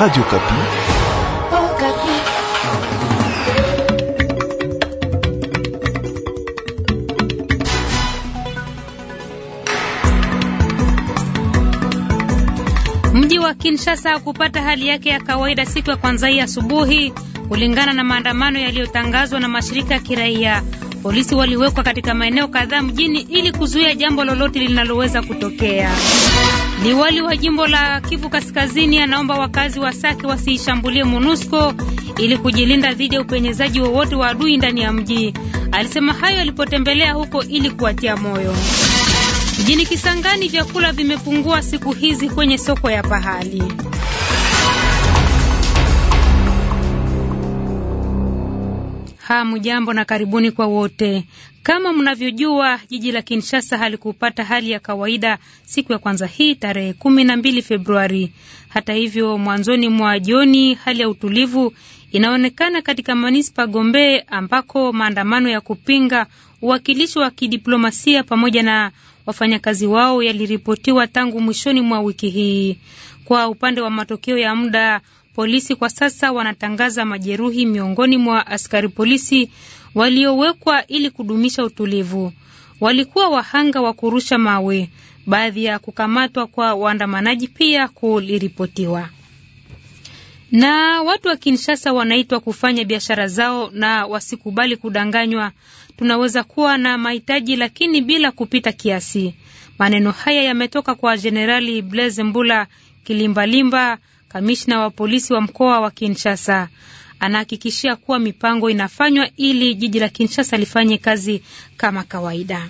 Radio Okapi. Oh, Mji wa Kinshasa kupata hali yake ya kawaida siku ya kwanza hii asubuhi kulingana na maandamano yaliyotangazwa na mashirika ya kiraia. Polisi waliwekwa katika maeneo kadhaa mjini ili kuzuia jambo lolote linaloweza kutokea. Liwali wa jimbo la Kivu Kaskazini anaomba wakazi wa Sake wasiishambulie MONUSCO ili kujilinda dhidi ya upenyezaji wowote wa adui ndani ya mji. Alisema hayo alipotembelea huko ili kuwatia moyo. Mjini Kisangani vyakula vimepungua siku hizi kwenye soko ya pahali. jambo na karibuni kwa wote. Kama mnavyojua, jiji la Kinshasa halikupata hali ya kawaida siku ya kwanza hii tarehe kumi na mbili Februari. Hata hivyo, mwanzoni mwa jioni hali ya utulivu inaonekana katika manispa Gombe ambako maandamano ya kupinga uwakilishi wa kidiplomasia pamoja na wafanyakazi wao yaliripotiwa tangu mwishoni mwa wiki hii. Kwa upande wa matokeo ya muda Polisi kwa sasa wanatangaza majeruhi miongoni mwa askari polisi waliowekwa ili kudumisha utulivu. Walikuwa wahanga wa kurusha mawe. Baadhi ya kukamatwa kwa waandamanaji pia kuliripotiwa. Na watu wa Kinshasa wanaitwa kufanya biashara zao na wasikubali kudanganywa. Tunaweza kuwa na mahitaji lakini bila kupita kiasi. Maneno haya yametoka kwa Jenerali Blaise Mbula Kilimbalimba, kamishna wa polisi wa mkoa wa Kinshasa anahakikishia kuwa mipango inafanywa ili jiji la Kinshasa lifanye kazi kama kawaida.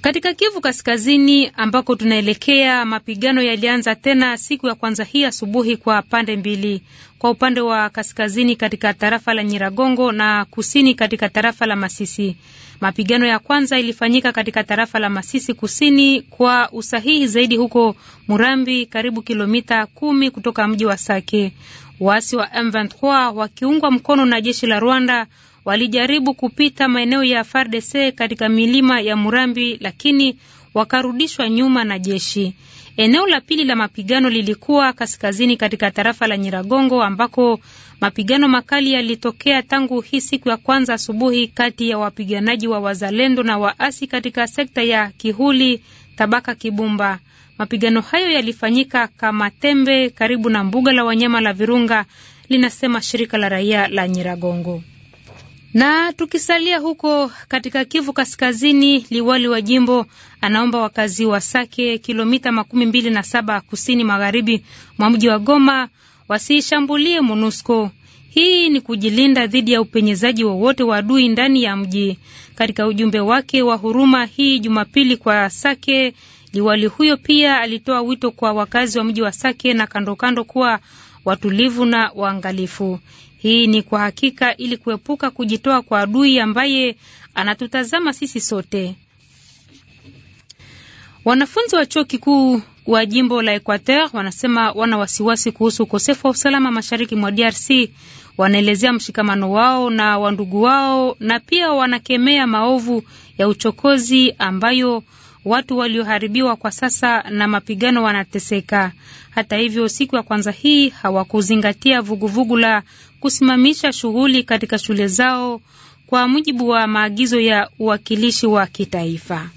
Katika Kivu Kaskazini ambako tunaelekea, mapigano yalianza tena siku ya kwanza hii asubuhi kwa pande mbili, kwa upande wa kaskazini katika tarafa la Nyiragongo na kusini katika tarafa la Masisi. Mapigano ya kwanza ilifanyika katika tarafa la Masisi Kusini kwa usahihi zaidi huko Murambi, karibu kilomita kumi kutoka mji wa Sake. Waasi wa M23 wakiungwa mkono na jeshi la Rwanda walijaribu kupita maeneo ya FARDC katika milima ya Murambi, lakini wakarudishwa nyuma na jeshi. Eneo la pili la mapigano lilikuwa kaskazini katika tarafa la Nyiragongo ambako mapigano makali yalitokea tangu hii siku ya kwanza asubuhi kati ya wapiganaji wa wazalendo na waasi katika sekta ya Kihuli tabaka Kibumba. Mapigano hayo yalifanyika kama tembe karibu na mbuga la wanyama la Virunga linasema shirika la raia la Nyiragongo. Na tukisalia huko katika Kivu Kaskazini, liwali wa jimbo anaomba wakazi wa Sake, kilomita makumi mbili na saba kusini magharibi mwa mji wa Goma, wasiishambulie MONUSCO. Hii ni kujilinda dhidi ya upenyezaji wowote wa adui ndani ya mji. Katika ujumbe wake wa huruma hii Jumapili kwa Sake, liwali huyo pia alitoa wito kwa wakazi wa mji wa Sake na kandokando kuwa watulivu na waangalifu. Hii ni kwa hakika ili kuepuka kujitoa kwa adui ambaye anatutazama sisi sote. Wanafunzi wa chuo kikuu wa jimbo la Equateur wanasema wana wasiwasi kuhusu ukosefu wa usalama mashariki mwa DRC. Wanaelezea mshikamano wao na wandugu wao na pia wanakemea maovu ya uchokozi ambayo watu walioharibiwa kwa sasa na mapigano wanateseka. Hata hivyo, siku ya kwanza hii hawakuzingatia vuguvugu la kusimamisha shughuli katika shule zao kwa mujibu wa maagizo ya uwakilishi wa kitaifa.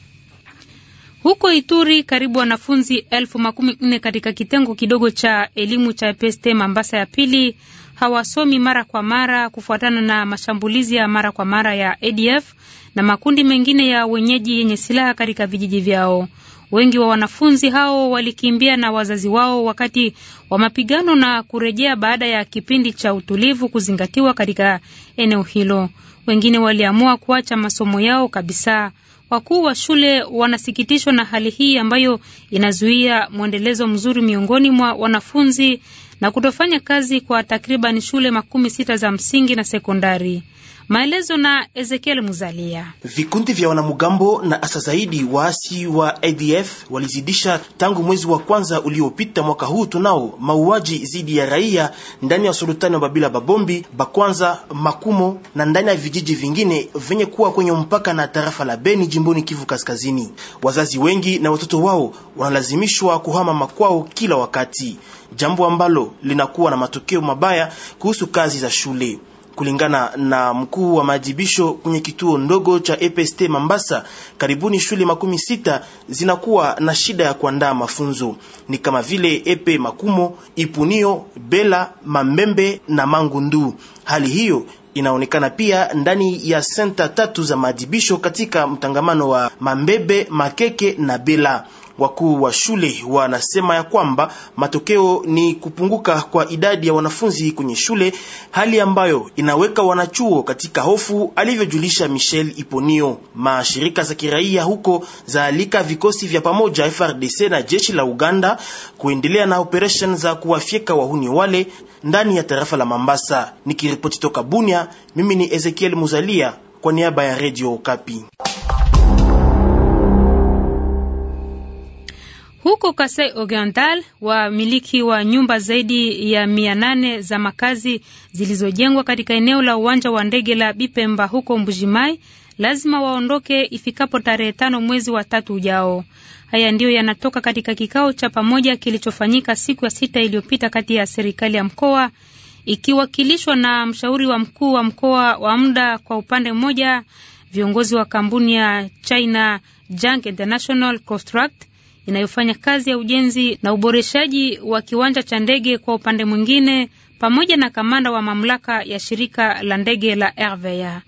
Huko Ituri, karibu wanafunzi elfu makumi nne katika kitengo kidogo cha elimu cha pst Mambasa ya pili hawasomi mara kwa mara kufuatana na mashambulizi ya mara kwa mara ya ADF na makundi mengine ya wenyeji yenye silaha katika vijiji vyao. Wengi wa wanafunzi hao walikimbia na wazazi wao wakati wa mapigano na kurejea baada ya kipindi cha utulivu kuzingatiwa katika eneo hilo. Wengine waliamua kuacha masomo yao kabisa. Wakuu wa shule wanasikitishwa na hali hii ambayo inazuia mwendelezo mzuri miongoni mwa wanafunzi na kutofanya kazi kwa takriban shule makumi sita za msingi na sekondari. Maelezo na Ezekiel Muzalia. Vikundi vya wanamgambo na hasa zaidi waasi wa ADF walizidisha tangu mwezi wa kwanza uliopita mwaka huu tunao mauaji dhidi ya raia ndani ya sultani wa Babila Babombi, Bakwanza, Makumo na ndani ya vijiji vingine venye kuwa kwenye mpaka na tarafa la Beni jimboni Kivu Kaskazini. Wazazi wengi na watoto wao wanalazimishwa kuhama makwao kila wakati, jambo ambalo linakuwa na matokeo mabaya kuhusu kazi za shule. Kulingana na mkuu wa maajibisho kwenye kituo ndogo cha EPST Mambasa, karibuni shule makumi sita zinakuwa na shida ya kuandaa mafunzo ni kama vile Epe Makumo, Ipunio, Bela, mambembe na Mangundu. Hali hiyo inaonekana pia ndani ya senta tatu za maajibisho katika mtangamano wa Mambebe, Makeke na Bela. Wakuu wa shule wanasema ya kwamba matokeo ni kupunguka kwa idadi ya wanafunzi kwenye shule, hali ambayo inaweka wanachuo katika hofu, alivyojulisha Michel Iponio. Mashirika za kiraia huko zaalika vikosi vya pamoja FRDC na jeshi la Uganda kuendelea na operation za kuwafyeka wahuni wale ndani ya tarafa la Mambasa. Nikiripoti toka Bunia, mimi ni Ezekiel Muzalia kwa niaba ya Radio Okapi. Huko Kasai Oriental, wamiliki wa nyumba zaidi ya mia nane za makazi zilizojengwa katika eneo la uwanja wa ndege la Bipemba huko Mbujimai lazima waondoke ifikapo tarehe tano mwezi wa tatu ujao. Haya ndiyo yanatoka katika kikao cha pamoja kilichofanyika siku ya sita iliyopita kati ya serikali ya mkoa ikiwakilishwa na mshauri wa mkuu wa mkoa wa muda kwa upande mmoja, viongozi wa kampuni ya China Junk International Construct inayofanya kazi ya ujenzi na uboreshaji wa kiwanja cha ndege kwa upande mwingine, pamoja na kamanda wa mamlaka ya shirika la ndege la RVA.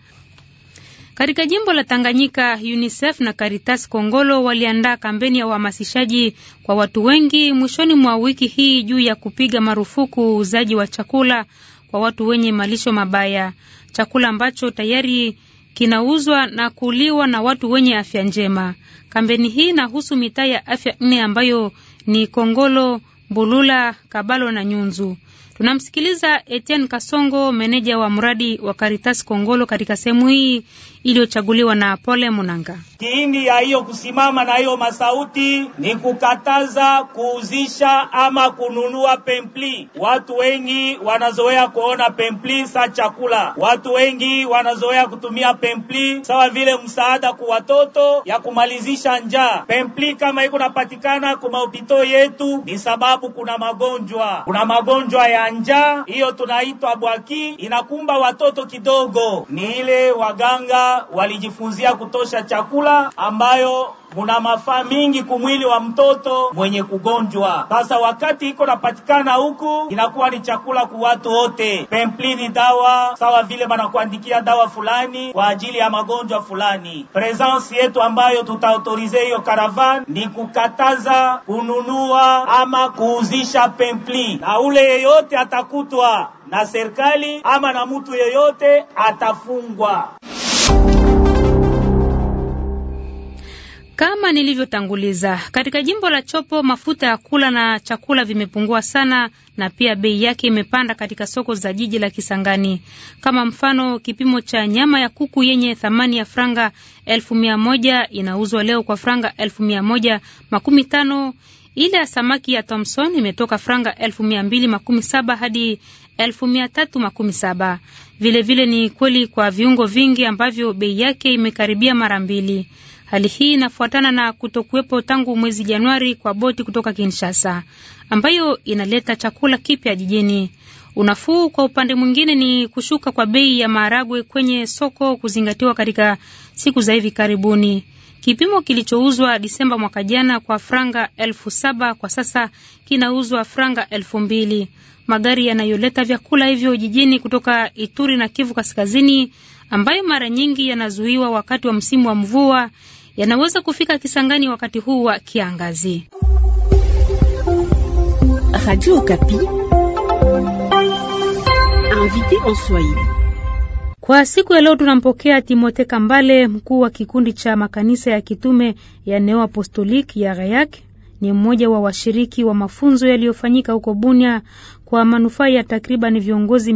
Katika jimbo la Tanganyika, UNICEF na Caritas Kongolo waliandaa kampeni ya uhamasishaji kwa watu wengi mwishoni mwa wiki hii juu ya kupiga marufuku uuzaji wa chakula kwa watu wenye malisho mabaya, chakula ambacho tayari kinauzwa na kuliwa na watu wenye afya njema. Kampeni hii inahusu mitaa ya afya nne ambayo ni Kongolo, Bulula, Kabalo na Nyunzu. Tunamsikiliza Etienne Kasongo, meneja wa mradi wa Caritas Kongolo katika sehemu hii iliyochaguliwa na Pole Munanga. Kiindi ya hiyo kusimama na hiyo masauti ni kukataza kuuzisha ama kununua pempli. Watu wengi wanazoea kuona pempli sa chakula, watu wengi wanazoea kutumia pempli sawa vile msaada kwa watoto ya kumalizisha njaa. Pempli kama iko napatikana kwa maopito yetu ni sababu kuna magonjwa, kuna magonjwa ya njaa, hiyo tunaitwa bwaki, inakumba watoto kidogo, ni ile waganga walijifunzia kutosha chakula ambayo muna mafaa mingi kumwili wa mtoto mwenye kugonjwa. Sasa wakati iko napatikana huku, inakuwa ni chakula kwa watu wote. Pempli ni dawa sawa vile banakuandikia dawa fulani kwa ajili ya magonjwa fulani. Presence yetu ambayo tutaautorize hiyo karavan ni kukataza kununua ama kuuzisha pempli, na ule yeyote atakutwa na serikali ama na mtu yeyote atafungwa. Kama nilivyotanguliza, katika jimbo la Chopo mafuta ya kula na chakula vimepungua sana na pia bei yake imepanda katika soko za jiji la Kisangani. Kama mfano, kipimo cha nyama ya kuku yenye thamani ya franga elfu mia moja inauzwa leo kwa franga elfu mia moja makumi tano. Ile ya samaki ya Thomson imetoka franga elfu mia mbili makumi saba hadi elfu mia tatu makumi saba. Vilevile ni kweli kwa viungo vingi ambavyo bei yake imekaribia mara mbili. Hali hii inafuatana na kutokuwepo tangu mwezi Januari kwa boti kutoka Kinshasa ambayo inaleta chakula kipya jijini. Unafuu kwa upande mwingine ni kushuka kwa bei ya maharagwe kwenye soko kuzingatiwa katika siku za hivi karibuni. Kipimo kilichouzwa Disemba mwaka jana kwa franga elfu saba kwa sasa kinauzwa franga elfu mbili. Magari yanayoleta vyakula hivyo jijini kutoka Ituri na Kivu Kaskazini, ambayo mara nyingi yanazuiwa wakati wa msimu wa mvua, yanaweza kufika Kisangani wakati huu wa kiangazi. Radio Okapi Kwa siku ya leo tunampokea Timote Kambale, mkuu wa kikundi cha makanisa ya kitume ya Neo apostolik ya Rayak. Ni mmoja wa washiriki wa mafunzo yaliyofanyika huko Bunia kwa manufaa ya takriban viongozi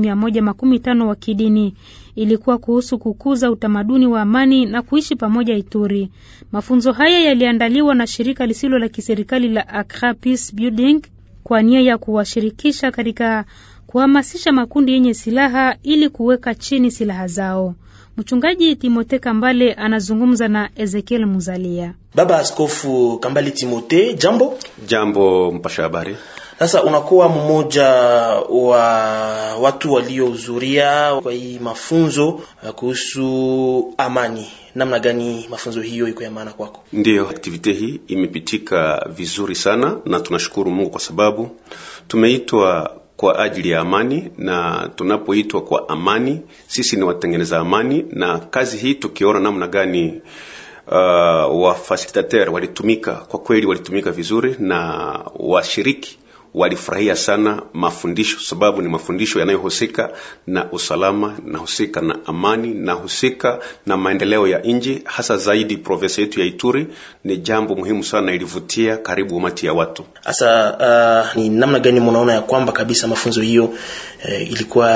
tano wa kidini. Ilikuwa kuhusu kukuza utamaduni wa amani na kuishi pamoja Ituri. Mafunzo haya yaliandaliwa na shirika lisilo la kiserikali la Accra Peace Building kwa nia ya kuwashirikisha katika kuhamasisha makundi yenye silaha ili kuweka chini silaha zao. Mchungaji Timote Kambale anazungumza na Ezekiel Muzalia. Baba Askofu Kambale Timote, jambo jambo, mpasha habari. Sasa unakuwa mmoja wa watu waliohudhuria kwa hii mafunzo eh, kuhusu amani. Namna gani mafunzo hiyo iko ya maana kwako? Ndiyo, aktivite hii imepitika vizuri sana na tunashukuru Mungu kwa sababu tumeitwa kwa ajili ya amani, na tunapoitwa kwa amani, sisi ni watengeneza amani, na kazi hii tukiona namna gani uh, eh, wafasilitateur walitumika kwa kweli, walitumika vizuri na washiriki walifurahia sana mafundisho, sababu ni mafundisho yanayohusika na usalama, nahusika na amani, nahusika na maendeleo ya nchi, hasa zaidi provinsi yetu ya Ituri. Ni jambo muhimu sana, ilivutia karibu umati ya watu. Sasa uh, ah, ni namna gani mnaona ya kwamba kabisa mafunzo hiyo eh, ilikuwa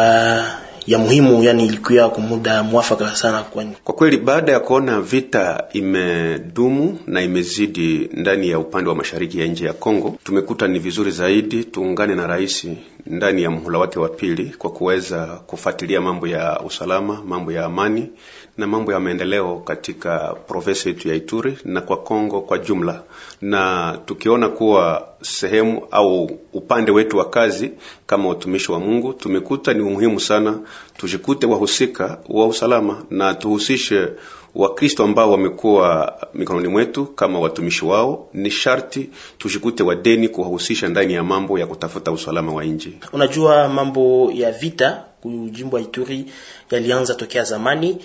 ya muhimu, yani ilikuwa kwa muda mwafaka sana kwani. Kwa kweli baada ya kuona vita imedumu na imezidi ndani ya upande wa mashariki ya nje ya Kongo, tumekuta ni vizuri zaidi tuungane na rais ndani ya mhula wake wa pili kwa kuweza kufuatilia mambo ya usalama, mambo ya amani na mambo ya maendeleo katika provensa yetu ya Ituri na kwa Kongo kwa jumla, na tukiona kuwa sehemu au upande wetu wa kazi kama watumishi wa Mungu tumekuta ni umuhimu sana tujikute wahusika wa usalama na tuhusishe Wakristo ambao wamekuwa mikononi mwetu kama watumishi wao, ni sharti tushikute wadeni kuwahusisha ndani ya mambo ya kutafuta usalama wa nchi. Unajua, mambo ya vita kujimbo ya Ituri yalianza tokea zamani.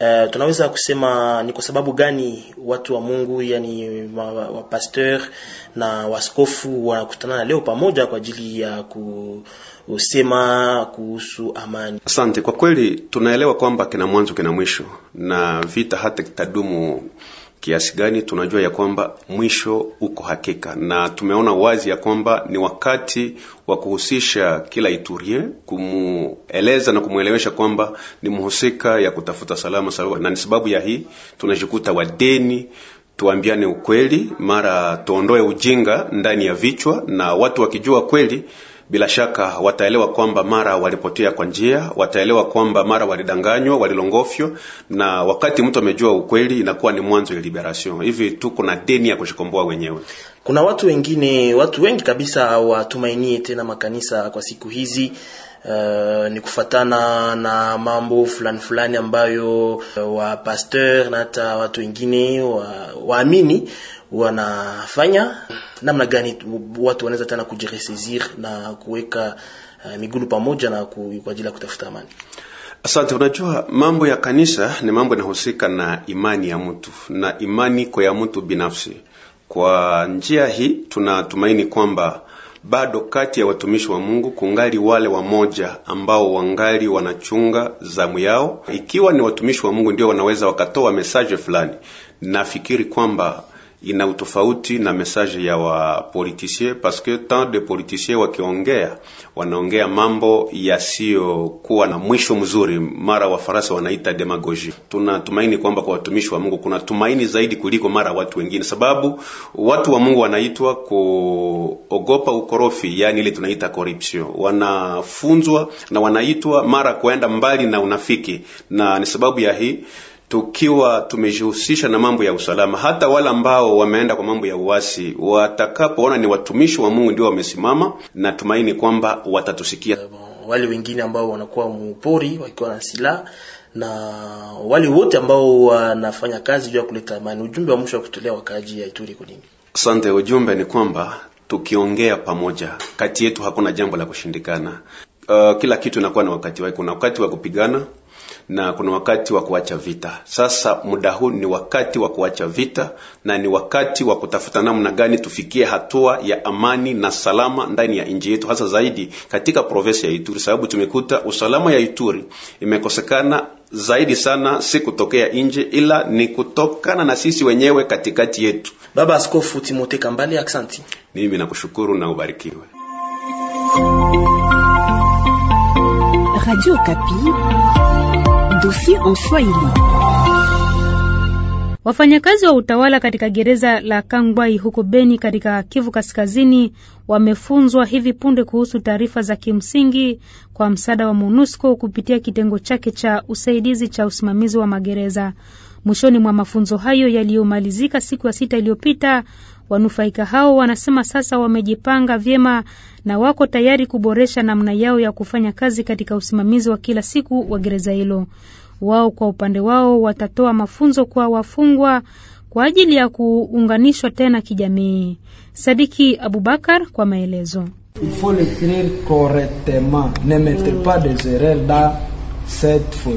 Uh, tunaweza kusema ni kwa sababu gani watu wa Mungu yani wapasteur wa na waskofu wanakutana leo pamoja kwa ajili ya ku husema kuhusu amani. Asante. Kwa kweli tunaelewa kwamba kina mwanzo kina mwisho, na vita hata kitadumu kiasi gani, tunajua ya kwamba mwisho uko hakika, na tumeona wazi ya kwamba ni wakati wa kuhusisha kila Iturie, kumueleza na kumwelewesha kwamba ni mhusika ya kutafuta salama salama, na ni sababu ya hii tunajikuta wadeni tuambiane ukweli, mara tuondoe ujinga ndani ya vichwa, na watu wakijua kweli bila shaka wataelewa kwamba mara walipotea kwa njia, wataelewa kwamba mara walidanganywa, walilongofyo, na wakati mtu amejua ukweli inakuwa ni mwanzo ya liberation. Hivi tuko na deni ya kushikomboa wenyewe. Kuna watu wengine, watu wengi kabisa watumainie tena makanisa kwa siku hizi. Uh, ni kufatana na mambo fulani fulani ambayo uh, wa pasteur na hata watu wengine waamini wanafanya namna gani watu wanaweza tena kujiresaisir na kuweka uh, migulu pamoja na ku, kwa ajili ya kutafuta amani. Asante. Unajua, mambo ya kanisa ni mambo yanahusika na imani ya mtu na imani kwa ya mtu binafsi. Kwa njia hii tunatumaini kwamba bado kati ya watumishi wa Mungu kungali wale wamoja ambao wangali wanachunga zamu yao. Ikiwa ni watumishi wa Mungu ndio wanaweza wakatoa mesaje fulani, nafikiri kwamba ina utofauti na message ya wapolitisie, parce que tant de politiciens wakiongea wanaongea mambo yasiyokuwa na mwisho mzuri, mara Wafaransa wanaita demagogie. Tunatumaini kwamba kwa watumishi wa Mungu kuna tumaini zaidi kuliko mara watu wengine, sababu watu wa Mungu wanaitwa kuogopa ukorofi, yani ile tunaita corruption. Wanafunzwa na wanaitwa mara kuenda mbali na unafiki, na ni sababu ya hii tukiwa tumejihusisha na mambo ya usalama, hata wale ambao wameenda kwa mambo ya uasi watakapoona ni watumishi wa Mungu ndio wamesimama, na tumaini kwamba watatusikia. Wale wengine ambao wanakuwa mupori wakiwa na silaha na wale wote ambao wanafanya kazi juu ya kuleta amani, ujumbe wa mwisho wa kutolea wakaaji ya Ituri kunini? Asante. Ujumbe ni kwamba tukiongea pamoja, kati yetu hakuna jambo la kushindikana. Uh, kila kitu inakuwa na wakati wake. Kuna wakati wa kupigana na kuna wakati wa kuacha vita. Sasa muda huu ni wakati wa kuacha vita na ni wakati wa kutafuta namna gani tufikie hatua ya amani na salama ndani ya nchi yetu, hasa zaidi katika provinsi ya Ituri, sababu tumekuta usalama ya Ituri imekosekana zaidi sana, si kutokea nje, ila ni kutokana na sisi wenyewe katikati yetu. Baba Askofu Timote Kambale, aksanti. Mimi nakushukuru na ubarikiwe. Radio Kapi dosie en Swahili. Wafanyakazi wa utawala katika gereza la Kangwai huko Beni katika Kivu Kaskazini wamefunzwa hivi punde kuhusu taarifa za kimsingi kwa msaada wa MONUSCO kupitia kitengo chake cha usaidizi cha usimamizi wa magereza. Mwishoni mwa mafunzo hayo yaliyomalizika siku ya sita iliyopita, Wanufaika hao wanasema sasa wamejipanga vyema na wako tayari kuboresha namna yao ya kufanya kazi katika usimamizi wa kila siku wa gereza hilo. Wao kwa upande wao watatoa mafunzo kwa wafungwa kwa ajili ya kuunganishwa tena kijamii. Sadiki Abubakar kwa maelezo. Il faut set for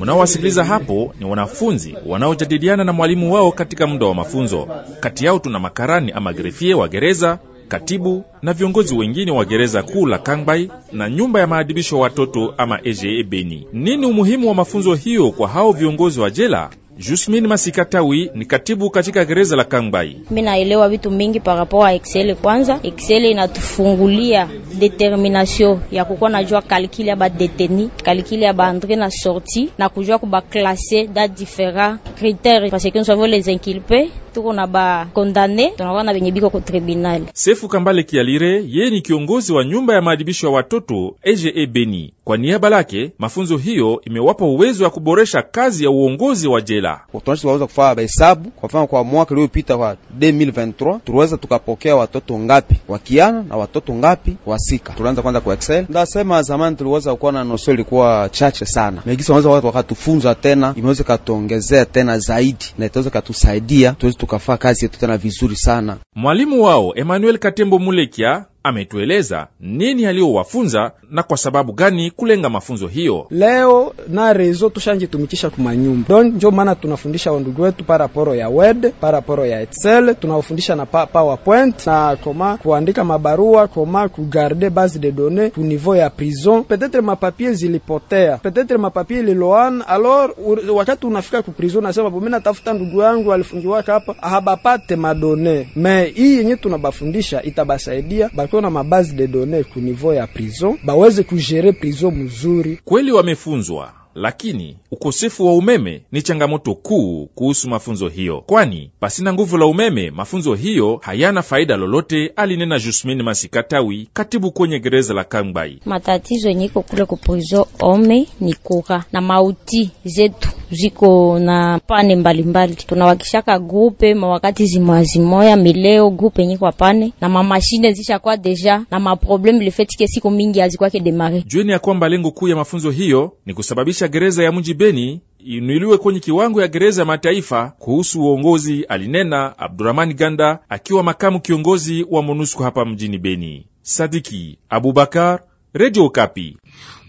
Mnaowasikiliza hapo ni wanafunzi wanaojadiliana na mwalimu wao katika muda wa mafunzo. Kati yao tuna makarani ama grefie wa gereza, katibu na viongozi wengine wa gereza kuu la Kangbai na nyumba ya maadibisho watoto ama EJE Beni. Nini umuhimu wa mafunzo hiyo kwa hao viongozi wa jela? Jusmin masika tawi ni katibu katika gereza la Kangbai. Mimi naelewa vitu mingi parapo a Excel. Kwanza Excel inatufungulia determination ya kukuwa najua kalkili ya badeteni, kalkili ya baentre na sorti na kujua kubaklase da different critere parce que les inculpés tuko na ba kondane tunakuwa na benye biko ko tribunal. Sefu Kambale Kialire yeye ni kiongozi wa nyumba ya maadibisho ya watoto EGE e Beni. Kwa niaba lake, mafunzo hiyo imewapa uwezo wa kuboresha kazi ya uongozi wa jela. Tunaweza kufanya mahesabu kwa mfano, kwa mwaka uliopita wa 2023 tuliweza tukapokea watoto ngapi wakiana na watoto ngapi wasika. Tunaanza kwanza kwa excel, ndasema zamani tuliweza kuwa na noso ilikuwa chache sana, lakini watu wakatufunza tena, imeweza katuongezea tena zaidi na itaweza katusaidia tuweze tukafaa kazi yetu tena vizuri sana. Mwalimu wao Emmanuel Katembo Mulekia ametueleza nini aliyowafunza na kwa sababu gani kulenga mafunzo hiyo. Leo na rezo tushanjitumikisha kumanyumba don, njo maana tunafundisha wandugu wetu paraporo ya Word, paraporo ya Excel, tunawafundisha na pa PowerPoint na koma kuandika mabarua, koma kugarde base de données ku niveau ya prison. Petetre mapapie zilipotea, petetre mapapie liloana. Alors wakati unafika ku prison nasema bo, mimi natafuta ndugu yangu alifungiwaka hapa, habapate madone me hii yenye tunabafundisha itabasaidia bako tuko na mabase de donne ku niveau ya prison baweze kujere prison mzuri. Kweli wamefunzwa lakini ukosefu wa umeme ni changamoto kuu kuhusu mafunzo hiyo, kwani pasina nguvu la umeme mafunzo hiyo hayana faida lolote, alinena Jusmine Masikatawi, katibu kwenye gereza la Kambai. Matatizo yenye iko kule kupoizo ome ni kura na mauti zetu ziko na pane mbalimbali, tunawakishaka grupe mawakati zimwazimoya mileo grupe yenye kwa pane na mamashine zishakwa deja na maprobleme lefetike siku mingi azikwake demare. Jueni ya kwamba lengo kuu ya mafunzo hiyo ni kusababisha gereza ya mji Beni inuiliwe kwenye kiwango ya gereza ya mataifa kuhusu uongozi, alinena Abdurahmani Ganda akiwa makamu kiongozi wa MONUSCO hapa mjini Beni. Sadiki Abubakar, Redio Kapi.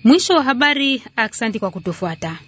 Mwisho wa habari. Aksanti kwa kutufuata.